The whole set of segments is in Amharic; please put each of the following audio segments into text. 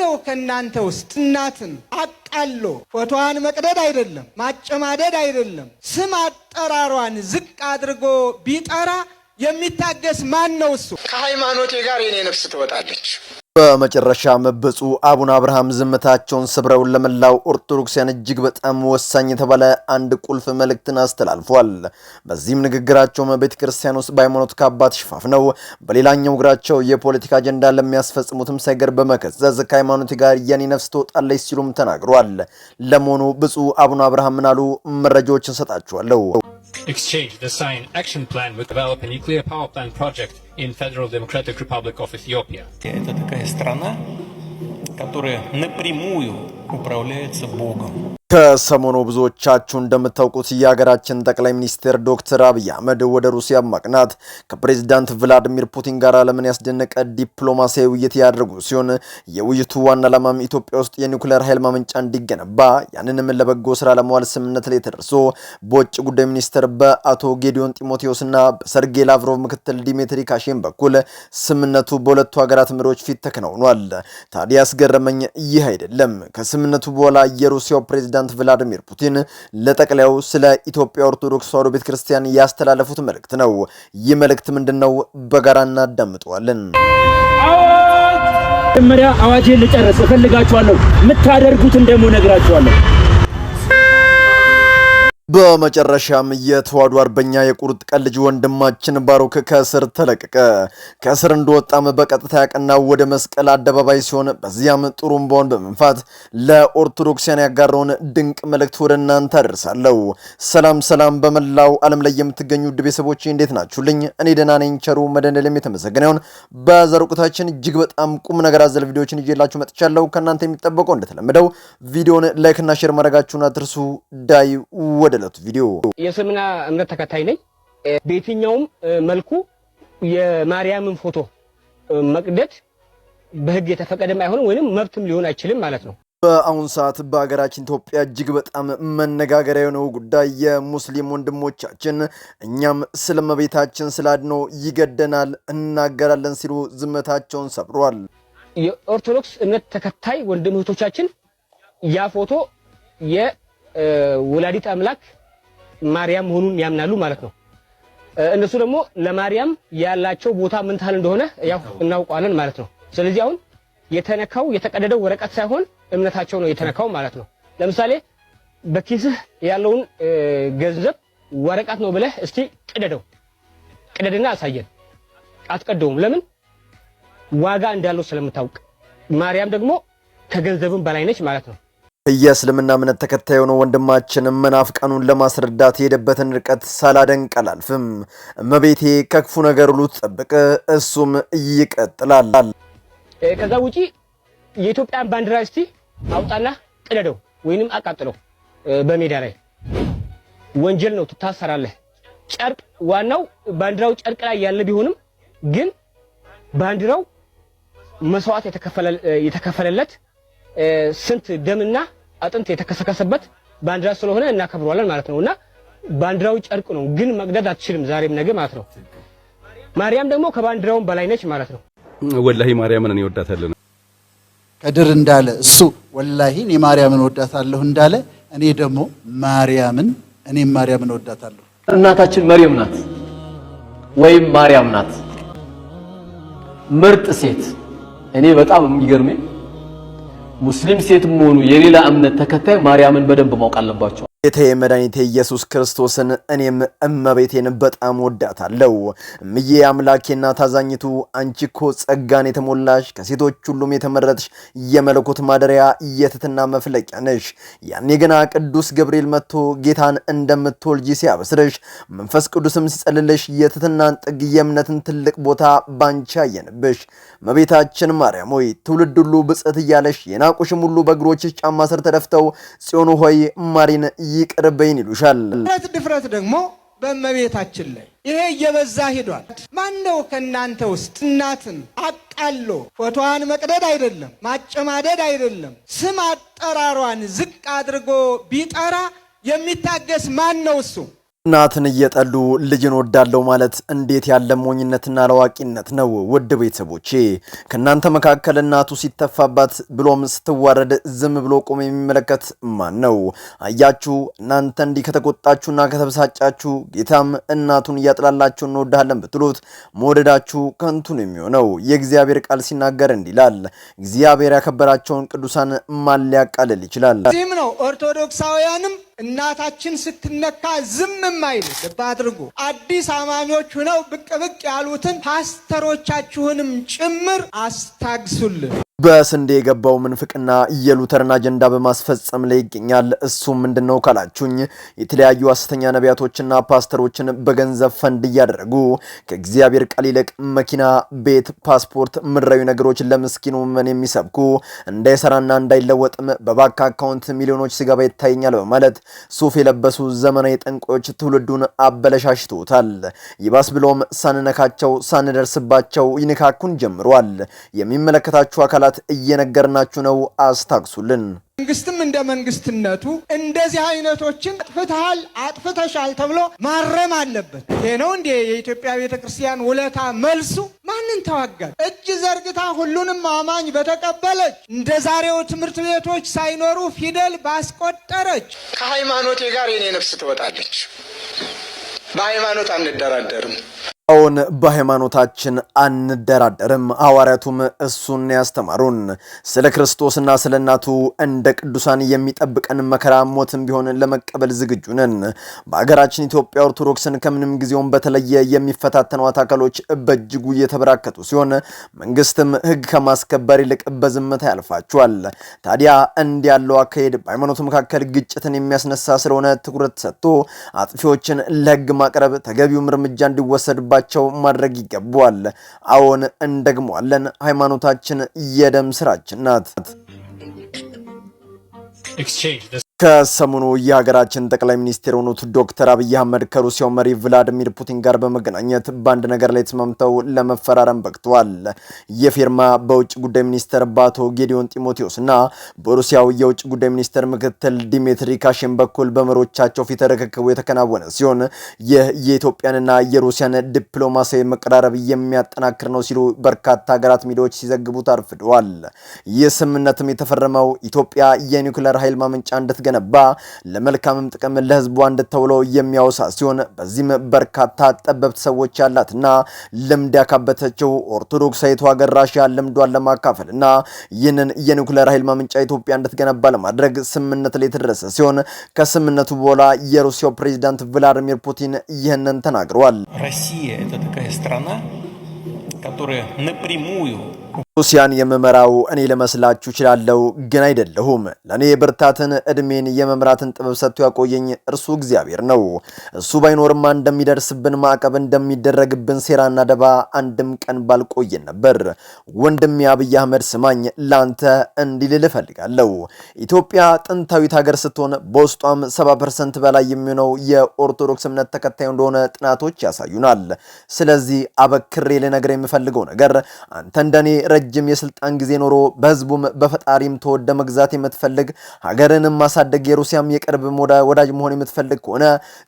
ነው ከእናንተ ውስጥ እናትን አቃሎ ፎቶዋን መቅደድ አይደለም፣ ማጨማደድ አይደለም፣ ስም አጠራሯን ዝቅ አድርጎ ቢጠራ የሚታገስ ማን ነው? እሱ ከሃይማኖቴ ጋር የኔ ነፍስ ትወጣለች። በመጨረሻም ብፁዕ አቡነ አብርሃም ዝምታቸውን ሰብረው ለመላው ኦርቶዶክሳውያን እጅግ በጣም ወሳኝ የተባለ አንድ ቁልፍ መልእክትን አስተላልፏል። በዚህም ንግግራቸውም ቤተ ክርስቲያን ውስጥ በሃይማኖት ካባት ነው። በሌላኛው እግራቸው የፖለቲካ አጀንዳ ለሚያስፈጽሙትም ሳይገር በመከዘዝ ከሃይማኖት ጋር የኔ ነፍስ ትወጣለች ሲሉም ተናግሯል። ለመሆኑ ብፁዕ አቡነ አብርሃም ምናሉ አሉ? መረጃዎችን ሰጣችኋለሁ። in Federal Democratic Republic of Ethiopia. Это такая страна, которая напрямую управляется Богом. ከሰሞኑ ብዙዎቻችሁ እንደምታውቁት የሀገራችን ጠቅላይ ሚኒስትር ዶክተር አብይ አህመድ ወደ ሩሲያ ማቅናት ከፕሬዚዳንት ቭላዲሚር ፑቲን ጋር ዓለምን ያስደነቀ ዲፕሎማሲያዊ ውይይት ያደረጉ ሲሆን የውይይቱ ዋና ዓላማም ኢትዮጵያ ውስጥ የኒውክሌር ኃይል ማመንጫ እንዲገነባ ያንንም ለበጎ ስራ ለመዋል ስምምነት ላይ ተደርሶ በውጭ ጉዳይ ሚኒስትር በአቶ ጌዲዮን ጢሞቴዎስና በሰርጌይ ላቭሮቭ ምክትል ዲሜትሪ ካሽን በኩል ስምምነቱ በሁለቱ ሀገራት መሪዎች ፊት ተከናውኗል። ታዲያ ያስገረመኝ ይህ አይደለም። ከስምምነቱ በኋላ የሩሲያው ፕሬዚዳንት ፕሬዚዳንት ቭላዲሚር ፑቲን ለጠቅላዩ ስለ ኢትዮጵያ ኦርቶዶክስ ተዋሕዶ ቤተ ክርስቲያን ያስተላለፉት መልእክት ነው። ይህ መልእክት ምንድን ነው? በጋራ እናዳምጠዋለን። መጀመሪያ አዋጅ ልጨርስ እፈልጋችኋለሁ። የምታደርጉትን ደግሞ ነግራችኋለሁ። በመጨረሻም የተዋዱ አርበኛ የቁርጥ ቀን ልጅ ወንድማችን ባሩክ ከእስር ተለቀቀ። ከእስር እንደወጣም በቀጥታ ያቀናው ወደ መስቀል አደባባይ ሲሆን በዚያም ጥሩምባውን በመንፋት ለኦርቶዶክሲያን ያጋረውን ድንቅ መልእክት ወደ እናንተ አደርሳለሁ። ሰላም ሰላም፣ በመላው ዓለም ላይ የምትገኙ ውድ ቤተሰቦች እንዴት ናችሁልኝ? እኔ ደህና ነኝ። ቸሩ መድኃኔዓለም የተመሰገነ ይሁን። በዛሬው ቆይታችን እጅግ በጣም ቁም ነገር አዘል ቪዲዮዎችን ይዤላችሁ መጥቻለሁ። ከእናንተ የሚጠበቀው እንደተለመደው ቪዲዮን ላይክና ሼር ማድረጋችሁን አትርሱ። ዳይ ወደ ለዕለቱ ቪዲዮ የእስልምና እምነት ተከታይ ነኝ። በየትኛውም መልኩ የማርያምን ፎቶ መቅደድ በህግ የተፈቀደም አይሆንም ወይም መብትም ሊሆን አይችልም ማለት ነው። በአሁን ሰዓት በሀገራችን ኢትዮጵያ እጅግ በጣም መነጋገሪያ የሆነው ጉዳይ የሙስሊም ወንድሞቻችን እኛም ስለ እመቤታችን ስላድነው ይገደናል እናገራለን ሲሉ ዝምታቸውን ሰብሯል። የኦርቶዶክስ እምነት ተከታይ ወንድም እህቶቻችን ያ ፎቶ ወላዲት አምላክ ማርያም መሆኑን ያምናሉ ማለት ነው። እነሱ ደግሞ ለማርያም ያላቸው ቦታ ምን ታህል እንደሆነ ያው እናውቀዋለን ማለት ነው። ስለዚህ አሁን የተነካው የተቀደደው ወረቀት ሳይሆን እምነታቸው ነው የተነካው ማለት ነው። ለምሳሌ በኪስህ ያለውን ገንዘብ ወረቀት ነው ብለህ እስቲ ቅደደው፣ ቅደድና አሳየን። አትቀደውም። ለምን? ዋጋ እንዳለው ስለምታውቅ። ማርያም ደግሞ ከገንዘብም በላይ ነች ማለት ነው። የእስልምና እምነት ተከታይ የሆነ ወንድማችን መናፍቃኑን ለማስረዳት የሄደበትን ርቀት ሳላደንቅ አላልፍም። እመቤቴ ከክፉ ነገር ሁሉ ትጠብቅ። እሱም ይቀጥላል። ከዛ ውጪ የኢትዮጵያን ባንዲራ እስቲ አውጣና ቅደደው ወይንም አቃጥለው በሜዳ ላይ ወንጀል ነው፣ ትታሰራለህ። ጨርቅ ዋናው ባንዲራው ጨርቅ ላይ ያለ ቢሆንም ግን ባንዲራው መስዋዕት የተከፈለለት ስንት ደምና አጥንት የተከሰከሰበት ባንዲራ ስለሆነ እናከብረዋለን ማለት ነው እና ባንዲራው ጨርቅ ነው፣ ግን መቅደድ አትችልም ዛሬም ነገ ማለት ነው። ማርያም ደግሞ ከባንዲራውም በላይ ነች ማለት ነው። ወላሂ ማርያምን እኔ ወዳታለሁ ቀድር እንዳለ እሱ ወላሂ እኔ ማርያምን ወዳታለሁ እንዳለ እኔ ደግሞ ማርያምን እኔም ማርያምን ወዳታለሁ። እናታችን መሪም ናት ወይም ማርያም ናት፣ ምርጥ ሴት። እኔ በጣም የሚገርመኝ ሙስሊም ሴትም ሆኑ የሌላ እምነት ተከታይ ማርያምን በደንብ ማወቅ አለባቸው። ጌታ መድኃኒቴ ኢየሱስ ክርስቶስን እኔም እመቤቴን በጣም ወዳታለሁ። እምዬ አምላኬና ታዛኝቱ አንቺ እኮ ጸጋን የተሞላሽ ከሴቶች ሁሉም የተመረጥሽ የመለኮት ማደሪያ የትትና መፍለቂያ ነሽ። ያኔ ገና ቅዱስ ገብርኤል መጥቶ ጌታን እንደምትወልጂ ሲያበስርሽ፣ መንፈስ ቅዱስም ሲጸልልሽ የትትናን ጥግ የእምነትን ትልቅ ቦታ ባንቺ አየንብሽ። እመቤታችን ማርያም ሆይ ትውልድ ሁሉ ብጽዕት እያለሽ የናቁሽም ሁሉ በእግሮችሽ ጫማ ስር ተደፍተው ጽዮን ሆይ ማሪን ይቅርበይን ይሉሻል። ድፍረት ድፍረት ደግሞ በእመቤታችን ላይ ይሄ እየበዛ ሄዷል። ማን ነው ከእናንተ ውስጥ እናትን አቃሎ ፎቶዋን መቅደድ አይደለም ማጨማደድ አይደለም ስም አጠራሯን ዝቅ አድርጎ ቢጠራ የሚታገስ ማን ነው? እሱ እናትን እየጠሉ ልጅን ወዳለው ማለት እንዴት ያለ ሞኝነትና አላዋቂነት ነው? ውድ ቤተሰቦቼ ከእናንተ መካከል እናቱ ሲተፋባት ብሎም ስትዋረድ ዝም ብሎ ቆሞ የሚመለከት ማን ነው? አያችሁ፣ እናንተ እንዲህ ከተቆጣችሁና ከተበሳጫችሁ ጌታም እናቱን እያጥላላችሁ እንወዳለን ብትሉት መወደዳችሁ ከንቱ ነው የሚሆነው። የእግዚአብሔር ቃል ሲናገር እንዲህ ይላል፣ እግዚአብሔር ያከበራቸውን ቅዱሳን ማን ሊያቃልል ይችላል? እዚህም ነው ኦርቶዶክሳውያንም እናታችን ስትነካ ዝም ምንም አይል አድርጉ። አዲስ አማኞች ሁነው ብቅ ብቅ ያሉትን ፓስተሮቻችሁንም ጭምር አስታግሱልን። በስንዴ የገባው ምንፍቅና የሉተርን አጀንዳ በማስፈጸም ላይ ይገኛል። እሱም ምንድን ነው ካላችሁኝ የተለያዩ ሐሰተኛ ነቢያቶችና ፓስተሮችን በገንዘብ ፈንድ እያደረጉ ከእግዚአብሔር ቃል ይልቅ መኪና፣ ቤት፣ ፓስፖርት፣ ምድራዊ ነገሮች ለምስኪኑ መን የሚሰብኩ እንዳይሰራና እንዳይለወጥም በባንክ አካውንት ሚሊዮኖች ሲገባ ይታየኛል በማለት ሱፍ የለበሱ ዘመናዊ ጠንቋዮች ትውልዱን አበለሻሽቶታል። ይባስ ብሎም ሳንነካቸው ሳንደርስባቸው ይንካኩን ጀምሯል። የሚመለከታችሁ አካላት አካላት እየነገርናችሁ ነው፣ አስታግሱልን። መንግስትም እንደ መንግስትነቱ እንደዚህ አይነቶችን አጥፍተሃል፣ አጥፍተሻል ተብሎ ማረም አለበት። ይሄ ነው እንዴ የኢትዮጵያ ቤተ ክርስቲያን ውለታ? መልሱ ማንን ተዋጋል? እጅ ዘርግታ ሁሉንም አማኝ በተቀበለች እንደ ዛሬው ትምህርት ቤቶች ሳይኖሩ ፊደል ባስቆጠረች ከሃይማኖቴ ጋር የኔ ነፍስ ትወጣለች። በሃይማኖት አንደራደርም። አሁን በሃይማኖታችን አንደራደርም። ሐዋርያቱም እሱን ያስተማሩን። ስለ ክርስቶስና ስለ እናቱ እንደ ቅዱሳን የሚጠብቀን መከራ ሞትም ቢሆን ለመቀበል ዝግጁ ነን። በሀገራችን ኢትዮጵያ ኦርቶዶክስን ከምንም ጊዜውም በተለየ የሚፈታተኗት አካሎች በእጅጉ እየተበራከቱ ሲሆን መንግስትም ህግ ከማስከበር ይልቅ በዝምታ ያልፋቸዋል። ታዲያ እንዲህ ያለው አካሄድ በሃይማኖቱ መካከል ግጭትን የሚያስነሳ ስለሆነ ትኩረት ሰጥቶ አጥፊዎችን ለህግ ማቅረብ ተገቢውም እርምጃ እንዲወሰድባ እንዲገባቸው ማድረግ ይገባዋል። አዎን እንደግመዋለን። ሃይማኖታችን የደም ስራችን ናት። ከሰሞኑ የሀገራችን ጠቅላይ ሚኒስትር የሆኑት ዶክተር አብይ አህመድ ከሩሲያው መሪ ቭላዲሚር ፑቲን ጋር በመገናኘት በአንድ ነገር ላይ ተስማምተው ለመፈራረም በቅተዋል። የፊርማ በውጭ ጉዳይ ሚኒስትር በአቶ ጌዲዮን ጢሞቴዎስ እና በሩሲያው የውጭ ጉዳይ ሚኒስትር ምክትል ዲሚትሪ ካሽን በኩል በመሪዎቻቸው ፊት ርክክቡ የተከናወነ ሲሆን ይህ የኢትዮጵያንና የሩሲያን ዲፕሎማሲያዊ መቀራረብ የሚያጠናክር ነው ሲሉ በርካታ ሀገራት ሚዲያዎች ሲዘግቡ አርፍደዋል። ይህ ስምምነትም የተፈረመው ኢትዮጵያ የኒውክሌር ኃይል ማመንጫ እየተገነባ ለመልካምም ጥቅም ለህዝቧ እንድትውለው የሚያወሳ ሲሆን በዚህም በርካታ ጠበብት ሰዎች ያላትና ልምድ ያካበተችው ኦርቶዶክሳዊቷ ሀገር ራሽያ ልምዷን ለማካፈልና ይህንን የኒውክሌር ኃይል ማምንጫ ኢትዮጵያ እንድትገነባ ለማድረግ ስምምነት ላይ የተደረሰ ሲሆን ከስምምነቱ በኋላ የሩሲያው ፕሬዚዳንት ቭላዲሚር ፑቲን ይህንን ተናግረዋል። ሩሲያን የምመራው እኔ ልመስላችሁ እችላለሁ፣ ግን አይደለሁም። ለእኔ ብርታትን፣ እድሜን የመምራትን ጥበብ ሰጥቶ ያቆየኝ እርሱ እግዚአብሔር ነው። እሱ ባይኖርማ እንደሚደርስብን ማዕቀብ፣ እንደሚደረግብን ሴራና ደባ አንድም ቀን ባልቆየን ነበር። ወንድሜ አብይ አህመድ ስማኝ፣ ላንተ እንዲልል ልል እፈልጋለሁ። ኢትዮጵያ ጥንታዊት ሀገር ስትሆን በውስጧም 70 ፐርሰንት በላይ የሚሆነው የኦርቶዶክስ እምነት ተከታዩ እንደሆነ ጥናቶች ያሳዩናል። ስለዚህ አበክሬ ልነግር የምፈልገው ነገር አንተ እንደኔ ረጅም የስልጣን ጊዜ ኖሮ በህዝቡም በፈጣሪም ተወደ መግዛት የምትፈልግ ሀገርንም ማሳደግ የሩሲያም የቅርብ ወዳጅ መሆን የምትፈልግ ከሆነ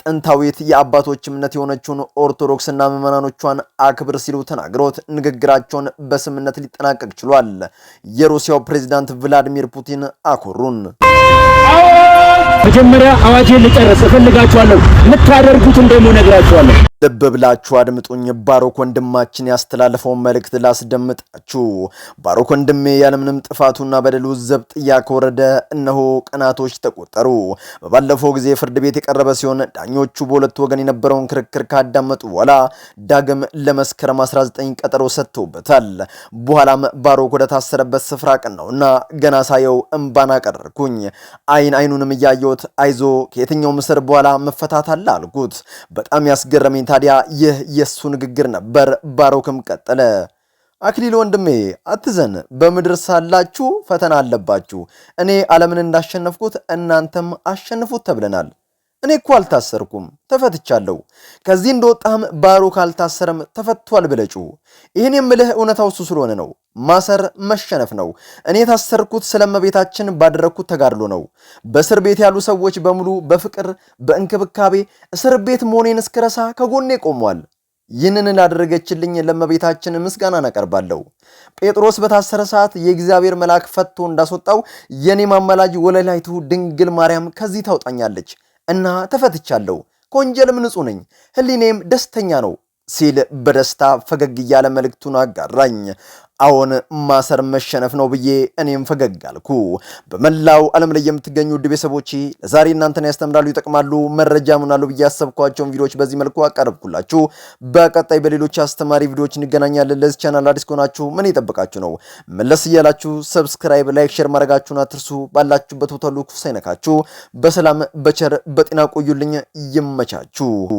ጥንታዊት የአባቶች እምነት የሆነችውን ኦርቶዶክስና ምዕመናኖቿን አክብር ሲሉ ተናግሮት ንግግራቸውን በስምነት ሊጠናቀቅ ችሏል። የሩሲያው ፕሬዚዳንት ቭላዲሚር ፑቲን አኮሩን። መጀመሪያ አዋጅ ልጨርስ እፈልጋችኋለሁ። የምታደርጉትን ደግሞ ነግራችኋለሁ። ልብ ብላችሁ አድምጡኝ። ባሮክ ወንድማችን ያስተላለፈውን መልእክት ላስደምጣችሁ። ባሮክ ወንድሜ ያለምንም ጥፋቱና በደሉ ዘብጥያ ከወረደ እነሆ ቀናቶች ተቆጠሩ። በባለፈው ጊዜ ፍርድ ቤት የቀረበ ሲሆን ዳኞቹ በሁለቱ ወገን የነበረውን ክርክር ካዳመጡ በኋላ ዳግም ለመስከረም 19 ቀጠሮ ሰጥተውበታል። በኋላም ባሮክ ወደ ታሰረበት ስፍራ ቀናውና ገና ሳየው እምባን አቀረርኩኝ። አይን አይኑንም እያየሁት አይዞ ከየትኛውም እስር በኋላ መፈታታል አልኩት። በጣም ያስገረመኝ ታዲያ ይህ የእሱ ንግግር ነበር። ባሮክም ቀጠለ። አክሊል ወንድሜ አትዘን፣ በምድር ሳላችሁ ፈተና አለባችሁ። እኔ ዓለምን እንዳሸነፍኩት እናንተም አሸንፉት ተብለናል። እኔ እኮ አልታሰርኩም ተፈትቻለሁ። ከዚህ እንደወጣህም ባሮክ አልታሰረም ተፈቷል ብለጩ። ይህን የምልህ እውነታው እሱ ስለሆነ ነው። ማሰር መሸነፍ ነው። እኔ የታሰርኩት ስለመቤታችን ባደረግኩት ተጋድሎ ነው። በእስር ቤት ያሉ ሰዎች በሙሉ በፍቅር በእንክብካቤ እስር ቤት መሆኔን እስክረሳ ከጎኔ ቆሟል። ይህንን ላደረገችልኝ ለመቤታችን ምስጋናን አቀርባለሁ። ጴጥሮስ በታሰረ ሰዓት የእግዚአብሔር መልአክ ፈቶ እንዳስወጣው የእኔ ማመላጅ ወለላይቱ ድንግል ማርያም ከዚህ ታውጣኛለች እና ተፈትቻለሁ። ከወንጀልም ንጹሕ ነኝ። ህሊኔም ደስተኛ ነው። ሲል በደስታ ፈገግ እያለ መልእክቱን አጋራኝ። አሁን ማሰር መሸነፍ ነው ብዬ እኔም ፈገግ አልኩ። በመላው ዓለም ላይ የምትገኙ ውድ ቤተሰቦች ለዛሬ እናንተን ያስተምራሉ፣ ይጠቅማሉ፣ መረጃ ምናሉ ብዬ ያሰብኳቸውን ቪዲዮዎች በዚህ መልኩ አቀረብኩላችሁ። በቀጣይ በሌሎች አስተማሪ ቪዲዮዎች እንገናኛለን። ለዚህ ቻናል አዲስ ከሆናችሁ ምን የጠበቃችሁ ነው? መለስ እያላችሁ ሰብስክራይብ፣ ላይክ፣ ሼር ማድረጋችሁን አትርሱ። ባላችሁበት ቦታ ሁሉ ክፉ ሳይነካችሁ በሰላም በቸር በጤና ቆዩልኝ። ይመቻችሁ።